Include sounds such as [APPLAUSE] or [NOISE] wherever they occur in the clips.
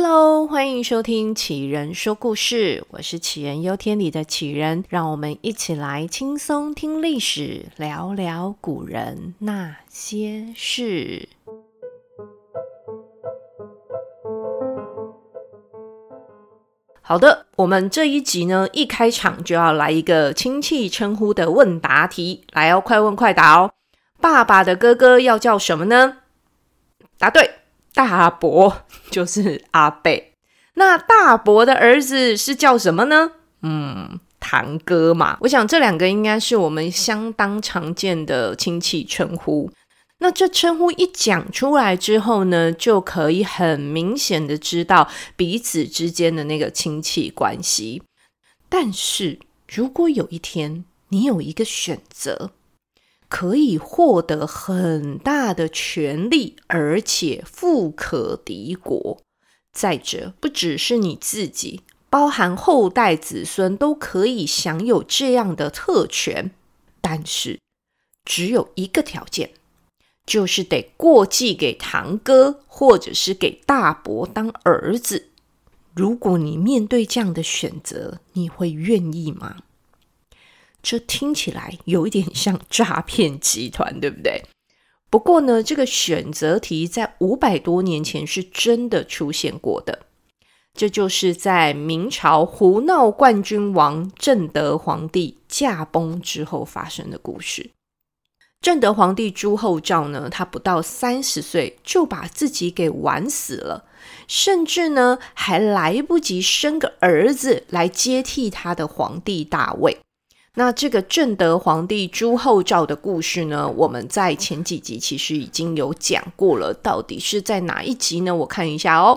Hello，歡迎收聽《杞人說故事》，我是《杞人憂天》裡的杞人，讓我們一起來輕鬆聽歷史，聊聊古人那些事。好的，我們這一集呢，一開場就要來一個親戚稱呼的問答題，來哦，快問快答哦。爸爸的哥哥要叫什麼呢？答對。大伯就是阿伯，那大伯的兒子是叫什麼呢？嗯，堂哥嘛。我想這兩個應該是我們相當常見的親戚稱呼。那這稱呼一講出來之後呢，就可以很明顯的知道彼此之間的那個親戚關係。但是如果有一天你有一個選擇，可以獲得很大的權力，而且富可敵國。再者，不只是你自己，包含後代子孫都可以享有這樣的特權。但是，只有一個條件，就是得過繼給堂哥，或者是給大伯當兒子。如果你面對這樣的選擇，你會願意嗎？這聽起來有一點像詐騙集團，對不對？不過呢，這個選擇題在五百多年前是真的出現過的。這就是在明朝胡鬧冠軍王正德皇帝駕崩之後發生的故事。正德皇帝朱厚照呢，他不到三十歲就把自己給玩死了，甚至呢還來不及生個兒子來接替他的皇帝大位。那這個正德皇帝朱厚照的故事呢，我們在前幾集其實已經有講過了。到底是在哪一集呢？我看一下哦。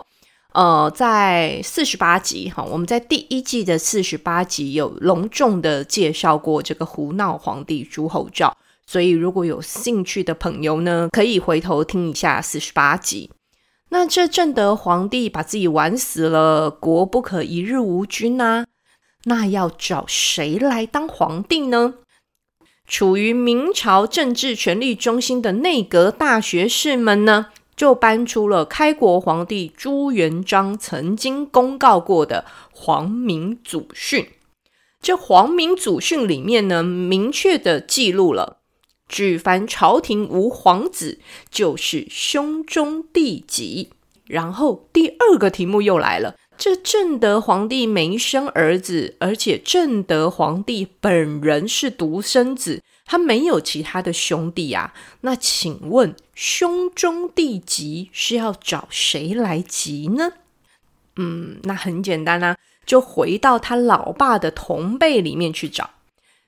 呃，在四十八集哈，我們在第一季的四十八集有隆重的介紹過這個胡鬧皇帝朱厚照。所以如果有興趣的朋友呢，可以回頭聽一下四十八集。那這正德皇帝把自己玩死了，國不可一日無君吶、啊。那要找誰來當皇帝呢？處於明朝政治權力中心的內閣大學士們呢，就搬出了開國皇帝朱元璋曾經公告過的《皇明祖訓》。這《皇明祖訓》裡面呢，明確的記錄了：舉凡朝廷無皇子，就是兄終弟及。然後第二個題目又來了。這正德皇帝沒生兒子，而且正德皇帝本人是獨生子，他沒有其他的兄弟啊。那請問，兄終弟及是要找誰來及呢？嗯，那很簡單啦、啊，就回到他老爸的同輩裡面去找。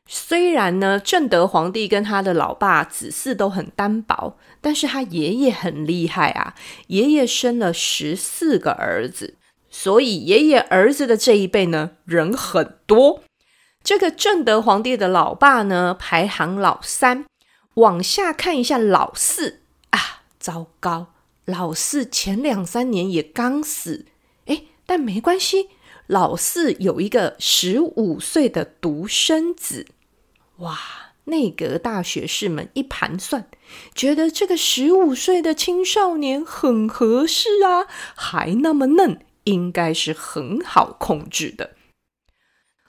雖然呢，正德皇帝跟他的老爸子嗣都很單薄，但是他爺爺很厲害啊，爺爺生了十四個兒子。所以爺爺兒子的這一輩呢，人很多。這個正德皇帝的老爸呢，排行老三。往下看一下老四。啊，糟糕，老四前兩三年也剛死。哎，但沒關係，老四有一個十五歲的獨生子。哇，內閣大學士們一盤算，覺得這個十五歲的青少年很合適啊，還那麼嫩。應該是很好控制的。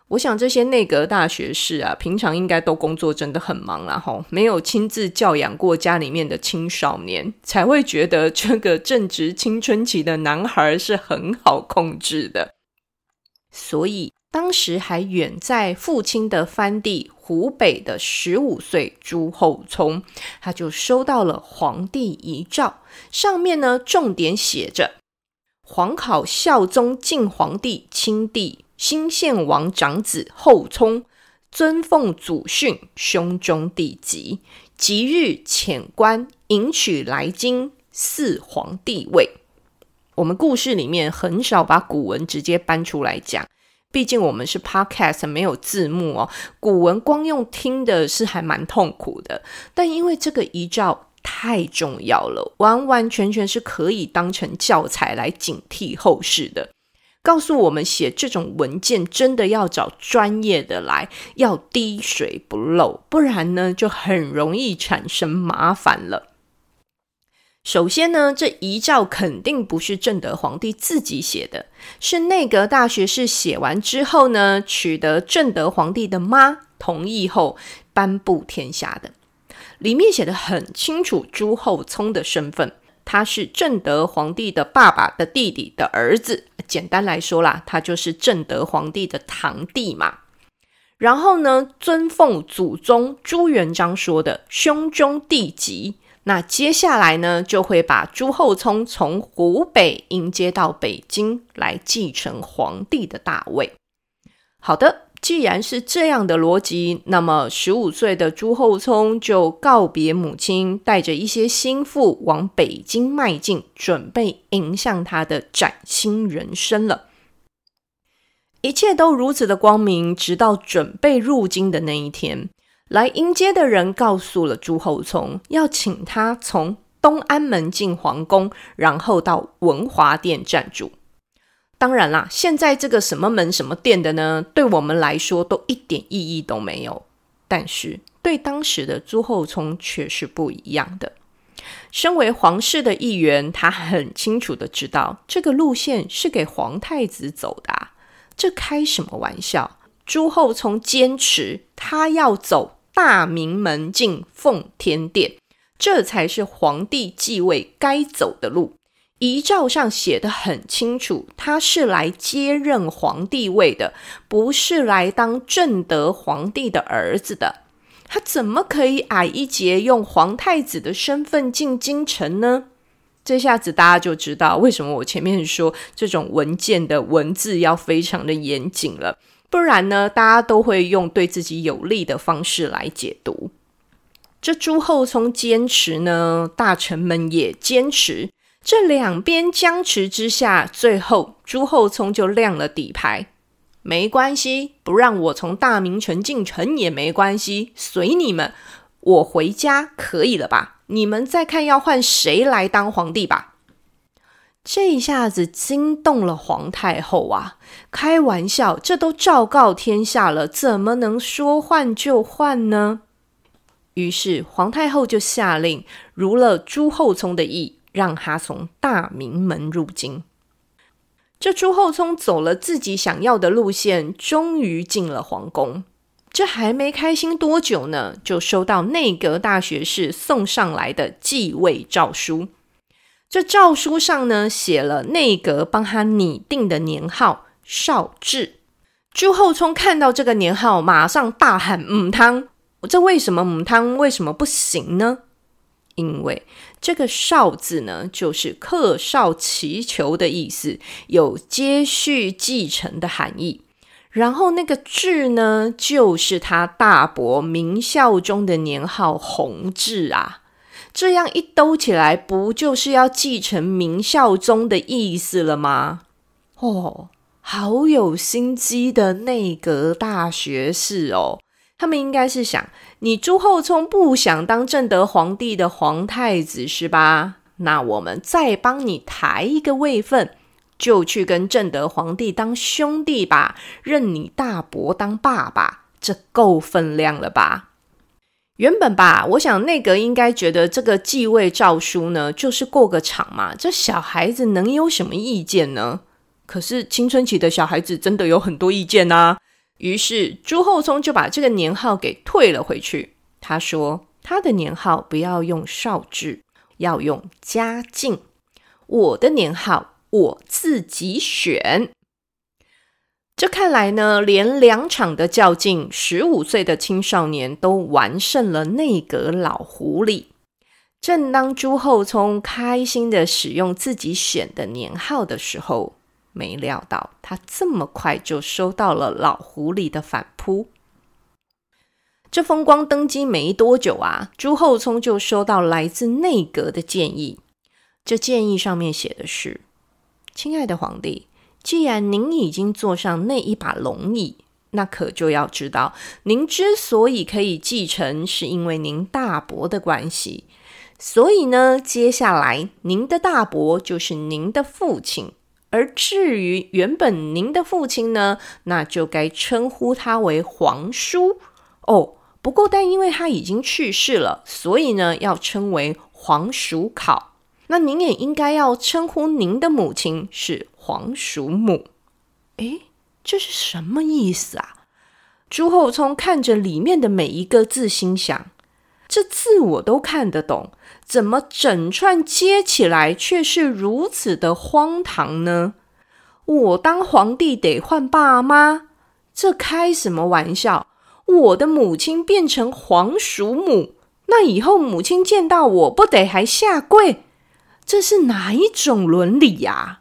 我想這些內閣大學士啊，平常應該都工作真的很忙啦，齁，沒有親自教養過家裡面的青少年，才會覺得這個正值青春期的男孩是很好控制的。所以當時還遠在父親的藩地湖北的十五歲朱厚熜，他就收到了皇帝遺詔，上面呢重點寫着。皇考孝宗敬皇帝親帝、新獻王長子後冲，尊奉祖訓，兄終弟及，吉日遣官迎娶來京嗣皇帝位。我們故事裡面很少把古文直接搬出來講，畢竟我們是 podcast 沒有字幕哦，古文光用聽的是還蠻痛苦的。但因為這個遺詔。太重要了，完完全全是可以當成教材來警惕後世的，告訴我們寫這種文件真的要找專業的來，要滴水不漏，不然呢就很容易產生麻煩了。首先呢，這遺詔肯定不是正德皇帝自己寫的，是內閣大學士寫完之後呢，取得正德皇帝的媽同意後頒布天下的。裡面寫的很清楚，朱厚熜的身份，他是正德皇帝的爸爸的弟弟的兒子，簡單來說啦，他就是正德皇帝的堂弟嘛。然後呢，尊奉祖宗朱元璋說的“兄終弟及”，那接下來呢，就會把朱厚熜從湖北迎接到北京來繼承皇帝的大位。好的。既然是這樣的邏輯，那麼十五歲的朱厚熜就告別母親，帶着一些心腹往北京邁進，準備迎向他的嶄新人生了。一切都如此的光明，直到準備入京的那一天，來迎接的人告訴了朱厚熜，要請他從東安門進皇宮，然後到文華殿暫住。當然啦，現在這個什麼門、什麼殿的呢，對我們來說都一點意義都沒有。但是對當時的朱厚熜卻是不一樣的。身為皇室的一員，他很清楚的知道，這個路線是給皇太子走的啊！這開什麼玩笑？朱厚熜堅持他要走大明門進奉天殿，這才是皇帝繼位該走的路。遺詔上寫得很清楚，他是來接任皇帝位的，不是來當正德皇帝的兒子的。他怎麼可以矮一截，用皇太子的身份進京城呢？這下子大家就知道為什麼我前面說這種文件的文字要非常的嚴謹了，不然呢，大家都會用對自己有利的方式來解讀。這朱厚熜堅持呢，大臣們也堅持。這兩邊僵持之下，最後朱厚熜就亮了底牌沒關係，不讓我從大明城進城也沒關係，隨你們，我回家可以了吧？你們再看，要換誰來當皇帝吧？這一下子驚動了皇太後啊！開玩笑，這都昭告天下了，怎麼能說換就換呢？於是皇太後就下令，如了朱厚熜的意。讓他從大明門入京。這朱厚熜走了自己想要的路線，終於進了皇宮。這還沒開心多久呢，就收到內閣大學士送上來的繼位詔書。這詔書上呢，寫了內閣幫他擬定的年號“紹治”。朱厚熜看到這個年號，馬上大喊：“母湯！這為什麼母湯？為什麼不行呢？”因為這個“紹”字呢，就是“克紹箕裘”的意思，有接續繼承的含義。然後那個“治”呢，就是他大伯明孝宗的年號“弘治”啊。這樣一兜起來，不就是要繼承明孝宗的意思了嗎？哦，好有心機的內閣大學士哦，他們應該是想。你朱厚熜不想當正德皇帝的皇太子是吧？那我們再幫你抬一個位分，就去跟正德皇帝當兄弟吧，認你大伯當爸爸，這夠分量了吧？原本吧，我想內閣應該覺得這個繼位詔書呢，就是過個場嘛，這小孩子能有什麼意見呢？可是青春期的小孩子真的有很多意見啊。於是朱厚熜就把這個年號給退了回去。他說：“他的年號不要用紹治，要用嘉靖。我的年號我自己選。”這看來呢，連兩場的較勁，十五歲的青少年都完勝了內閣老狐狸。正當朱厚熜開心的使用自己選的年號的時候。沒料到他這麼快就收到了老狐狸的反撲。這風光登基沒多久啊，朱厚熜就收到來自內閣的建議。這建議上面寫的是：“親愛的皇帝，既然您已經坐上那一把龍椅，那可就要知道，您之所以可以繼承，是因為您大伯的關係。所以呢，接下來您的大伯就是您的父親。”而至於原本您的父親呢，那就該稱呼他為皇叔哦。不過，但因為他已經去世了，所以呢要稱為皇叔考。那您也應該要稱呼您的母親是皇叔母。哎，這是什麼意思啊？朱厚熜看着裡面的每一個字，心想。這字我都看得懂，怎麼整串接起來卻是如此的荒唐呢？我當皇帝得換爸媽，這開什麼玩笑？我的母親變成皇叔母，那以後母親見到我不得還下跪？這是哪一種倫理呀、啊？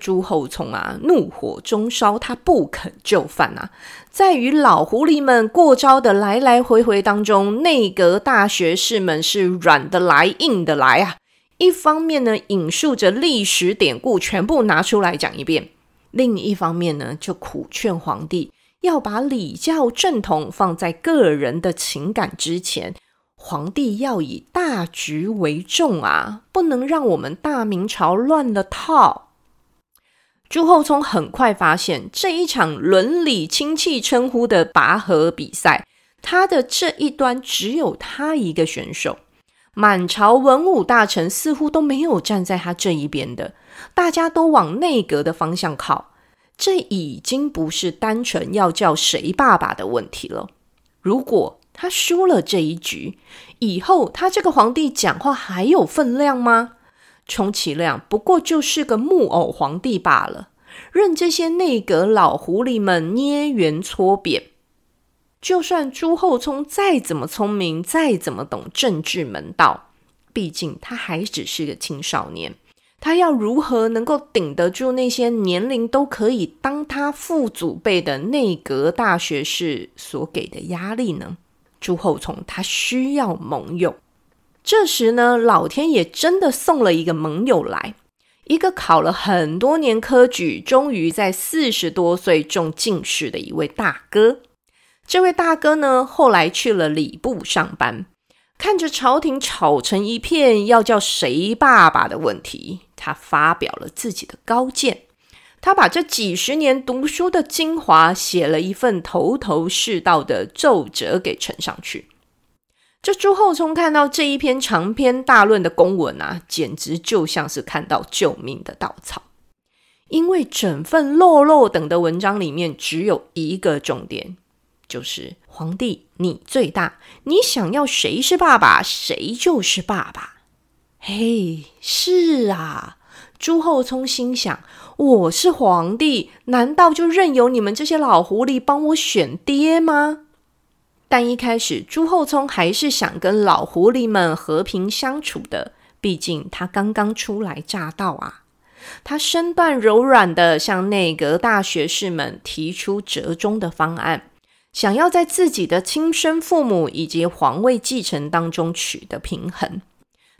朱厚熜啊，怒火中燒，他不肯就範啊！在與老狐狸們過招的來來回回當中，內閣大學士們是軟的來，硬的來啊！一方面呢，引述着歷史典故，全部拿出來講一遍；另一方面呢，就苦勸皇帝要把禮教正統放在個人的情感之前，皇帝要以大局為重啊，不能讓我們大明朝亂了套。朱厚熜很快發現，這一場倫理親戚稱呼的拔河比賽，他的這一端只有他一個選手，滿朝文武大臣似乎都沒有站在他這一邊的，大家都往內閣的方向靠。這已經不是單純要叫誰爸爸的問題了。如果他輸了這一局，以後他這個皇帝講話還有分量嗎？充其量不過就是個木偶皇帝罷了，任這些內閣老狐狸們捏圓搓扁。就算朱厚熜再怎麼聰明，再怎麼懂政治門道，畢竟他還只是個青少年，他要如何能夠頂得住那些年齡都可以當他父祖輩的內閣大學士所給的壓力呢？朱厚熜他需要盟友。這時呢，老天也真的送了一個盟友來，一個考了很多年科舉，終於在四十多歲中進士的一位大哥。這位大哥呢，後來去了禮部上班，看着朝廷吵成一片要叫誰爸爸的問題，他發表了自己的高見。他把這幾十年讀書的精華，寫了一份頭頭是道的奏折給呈上去。這朱厚熜看到這一篇長篇大論的公文啊，簡直就像是看到救命的稻草，因為整份落落等的文章裡面只有一個重點，就是皇帝你最大，你想要誰是爸爸，誰就是爸爸。嘿，是啊，朱厚熜心想，我是皇帝，難道就任由你們這些老狐狸幫我選爹嗎？但一開始，朱厚熜還是想跟老狐狸們和平相處的，畢竟他剛剛初來乍到啊。他身段柔軟地向內閣大學士們提出折中的方案，想要在自己的親生父母以及皇位繼承當中取得平衡。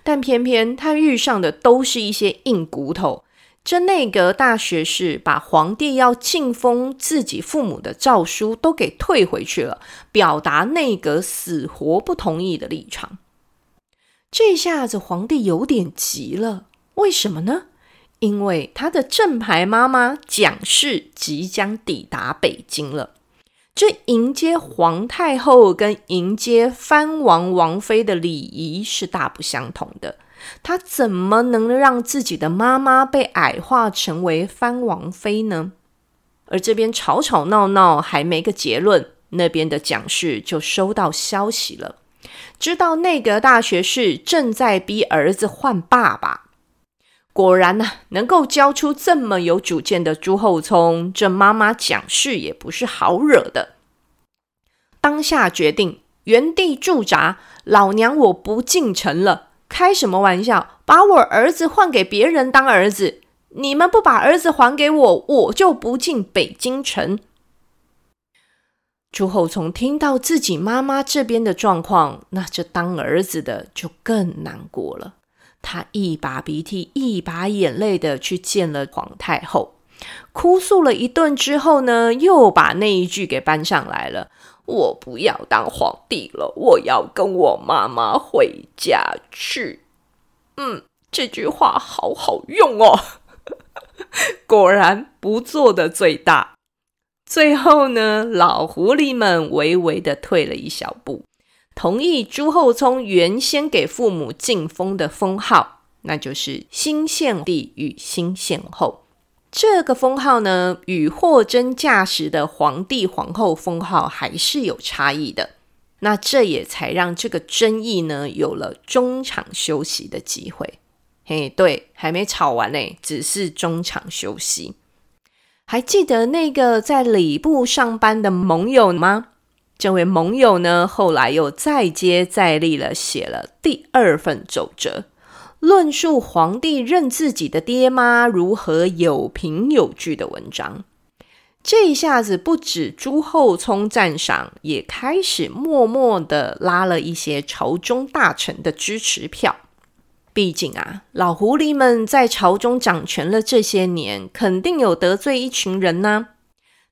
但偏偏他遇上的都是一些硬骨頭。這內閣大學士把皇帝要晉封自己父母的詔書都給退回去了，表達內閣死活不同意的立場。這下子皇帝有點急了，為什麼呢？因為他的正牌媽媽蔣氏即將抵達北京了。這迎接皇太后跟迎接藩王王妃的禮儀是大不相同的。他怎麼能讓自己的媽媽被矮化成為藩王妃呢？而這邊吵吵鬧鬧還沒個結論，那邊的蔣氏就收到消息了，知道內閣大學士正在逼兒子換爸爸。果然呢、啊，能夠教出這麼有主見的朱厚熜，這媽媽蔣氏也不是好惹的。當下決定原地駐紮，老娘我不進城了。開什麼玩笑！把我兒子換給別人當兒子，你們不把兒子還給我，我就不進北京城。朱厚熜聽到自己媽媽這邊的狀況，那這當兒子的就更難過了。他一把鼻涕，一把眼淚的去見了皇太後，哭訴了一頓之後呢，又把那一句給搬上來了。我不要當皇帝了，我要跟我媽媽回家去。嗯，這句話好好用哦。 [LAUGHS] 果然不做的最大。最後呢，老狐狸們微微的退了一小步，同意朱厚熜原先給父母進封的封號，那就是興獻帝與興獻後。這個封號呢，與貨真價實的皇帝皇后封號還是有差異的。那這也才讓這個爭議呢有了中場休息的機會。嘿，對，還沒吵完呢，只是中場休息。還記得那個在禮部上班的盟友嗎？這位盟友呢，後來又再接再厲了，寫了第二份奏折。論述皇帝認自己的爹媽如何有憑有據的文章，這一下子不止朱厚熜讚賞，也開始默默的拉了一些朝中大臣的支持票。畢竟啊，老狐狸們在朝中掌權了這些年，肯定有得罪一群人呢、啊。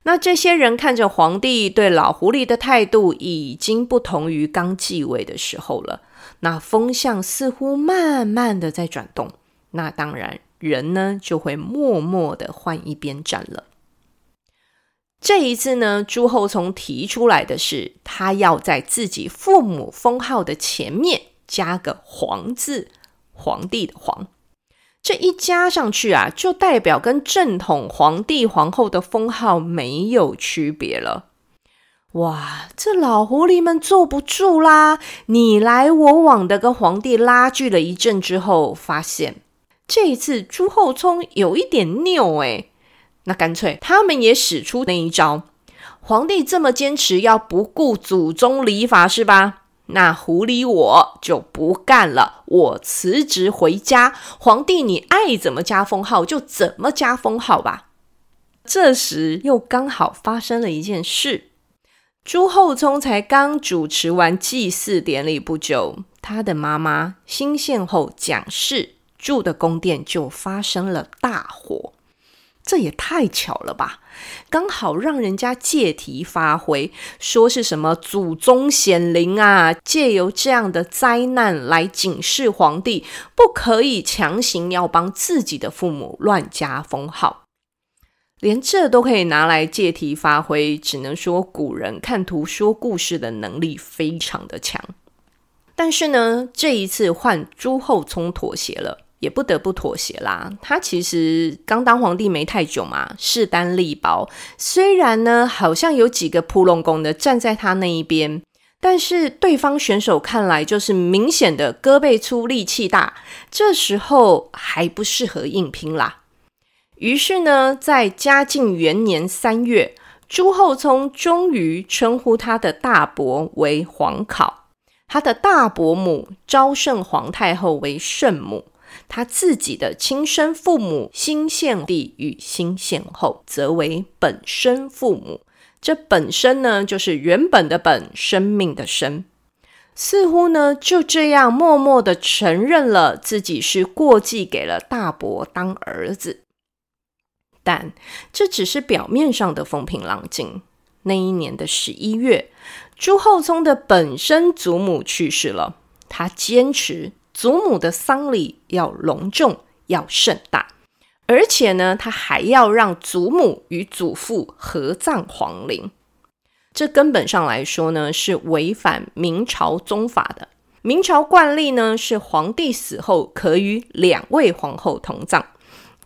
那這些人看着皇帝對老狐狸的態度，已經不同於剛繼位的時候了。那風向似乎慢慢的在轉動，那當然人呢就會默默的換一邊站了。這一次呢，朱厚熜提出來的是，他要在自己父母封號的前面加個“皇”字，皇帝的“皇”，這一加上去啊，就代表跟正統皇帝皇後的封號沒有區別了。哇，這老狐狸們坐不住啦！你來我往的跟皇帝拉鋸了一陣之後，發現這一次朱厚熜有一點拗哎，那乾脆他們也使出那一招。皇帝這麼堅持要不顧祖宗禮法是吧？那狐狸我就不幹了，我辭職回家。皇帝你愛怎麼加封號就怎麼加封號吧。這時又剛好發生了一件事。朱厚熜才剛主持完祭祀典禮不久，他的媽媽興獻後蔣氏住的宮殿就發生了大火，這也太巧了吧！剛好讓人家借題發揮，說是什麼祖宗顯靈啊，借由這樣的災難來警示皇帝，不可以強行要幫自己的父母亂加封號。連這都可以拿來借題發揮，只能說古人看圖說故事的能力非常的強。但是呢，這一次換朱厚熜妥協了，也不得不妥協啦。他其實剛當皇帝沒太久嘛，勢單力薄。雖然呢，好像有幾個撲龍功的站在他那一邊，但是對方選手看來就是明顯的胳膊粗力氣大，這時候還不適合硬拼啦。於是呢，在嘉靖元年三月，朱厚熜終於稱呼他的大伯為皇考，他的大伯母昭聖皇太后為聖母，他自己的親生父母新獻帝與新獻後則為本生父母。這“本生”呢，就是原本的“本”，生命的“生”。似乎呢，就這樣默默地承認了自己是過繼給了大伯當兒子。但這只是表面上的風平浪靜。那一年的十一月，朱厚熜的本生祖母去世了，他堅持祖母的喪禮要隆重、要盛大，而且呢，他還要讓祖母與祖父合葬皇陵。這根本上來說呢，是違反明朝宗法的。明朝慣例呢，是皇帝死後可與兩位皇后同葬。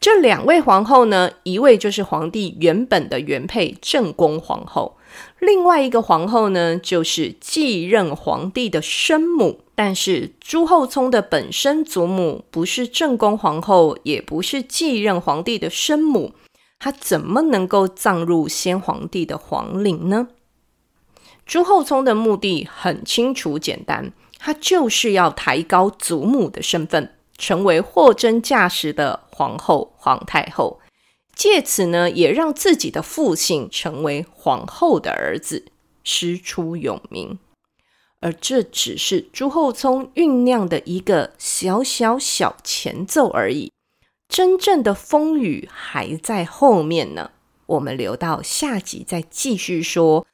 這兩位皇後呢，一位就是皇帝原本的原配正宮皇後，另外一個皇後呢，就是繼任皇帝的生母。但是朱厚熜的本生祖母不是正宮皇後，也不是繼任皇帝的生母，他怎麼能夠葬入先皇帝的皇陵呢？朱厚熜的目的很清楚簡單，他就是要抬高祖母的身份。成為貨真價實的皇後、皇太後，借此呢，也讓自己的父親成為皇後的兒子，師出有名。而這只是朱厚熜醞釀的一個小小小前奏而已，真正的風雨還在後面呢。我們留到下集再繼續說。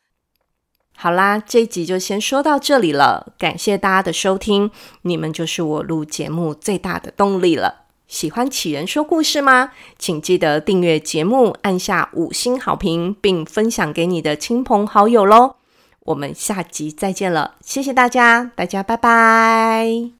好啦，這一集就先說到這裡了。感謝大家的收聽，你們就是我錄節目最大的動力了。喜歡杞人說故事嗎？請記得訂閱節目，按下五星好評，並分享給你的親朋好友嘍。我們下集再見了，謝謝大家，大家拜拜。